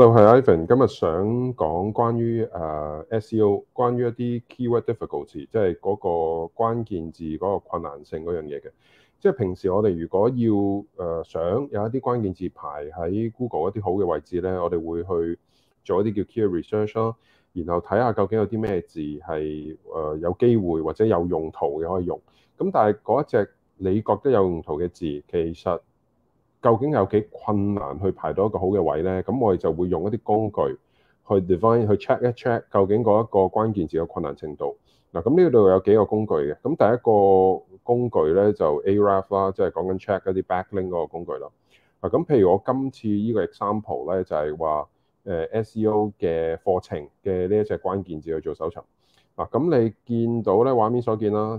Hello，係 Ivan，今日想講關於誒 SEO，關於一啲 keyword difficulties，即係嗰個關鍵字嗰個困難性嗰樣嘢嘅。即係平時我哋如果要誒想有一啲關鍵字排喺 Google 一啲好嘅位置咧，我哋會去做一啲叫 keyword research 咯，然後睇下究竟有啲咩字係誒有機會或者有用途嘅可以用。咁但係嗰一隻你覺得有用途嘅字，其實～究竟有幾困難去排到一個好嘅位咧？咁我哋就會用一啲工具去 define、去 check 一 check 究竟嗰一個關鍵字嘅困難程度。嗱，咁呢度有幾個工具嘅。咁第一個工具咧就 Ahref 啦，即係講緊 check 一啲 backlink 嗰個工具咯。啊，咁譬如我今次呢個 example 咧就係話誒 SEO 嘅課程嘅呢一隻關鍵字去做搜尋。嗱，咁你見到咧畫面所見啦。